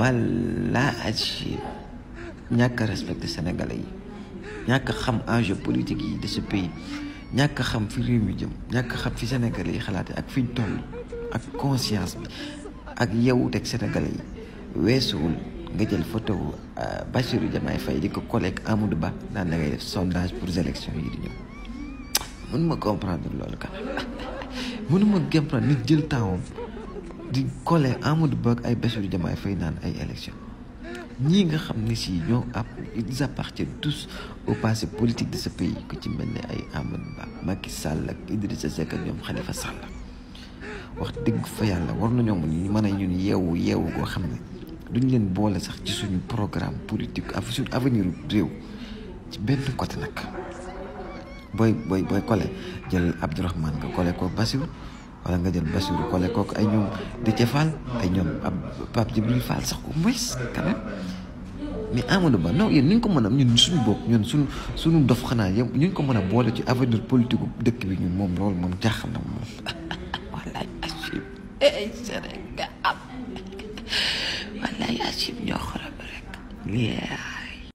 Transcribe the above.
walla ji ñàkk respecté sénégalais yi ñàkk xam enjeu politique yi de ce pays ñàkk xam fi réew mi jëm ñàkk xam fi sénégalais yi xalaate ak fiñ toll ak conscience bi ak yeewu teg sénégalais yi weesuwul nga jël photo euh, Bassirou Diomaye Faye di ko collègue Amadou Ba naan da ngay def sondage pour élections yi di ñëw mënuma comprendre loolu kan mënuma comprendre nit jël temps di coller Amadou Ba ay Bassirou Diomaye fay naan ay élection ñii nga xam ne si ñoo ab ils appartiennent tous au passé politique de ce pays ku ci mel ni ay Amadou Ba Macky Sall ak Idrissa Seck ak ñoom Khalifa Sall wax dëgg fa yàlla war nañoo mën a ñun yeewu yeewu goo xam ne duñ leen boole sax ci suñu programme politique ak suñu avenir réew ci benn côté nag booy booy booy collé jël Abdourahmane nga collé ko Bassirou wala nga jël Bassirou Kole kooku ay ñoom Déthié Fall ay ñoom Pape Djibril sax quand même mais Amadou Ba non ni ñu ko mën a ñun suñu bopp ñun suñu suñu dof xanaa yëpp ñu ko mën a boole ci avenir politique dëkk bi ñun moom loolu moom na moom ñoo rek yeah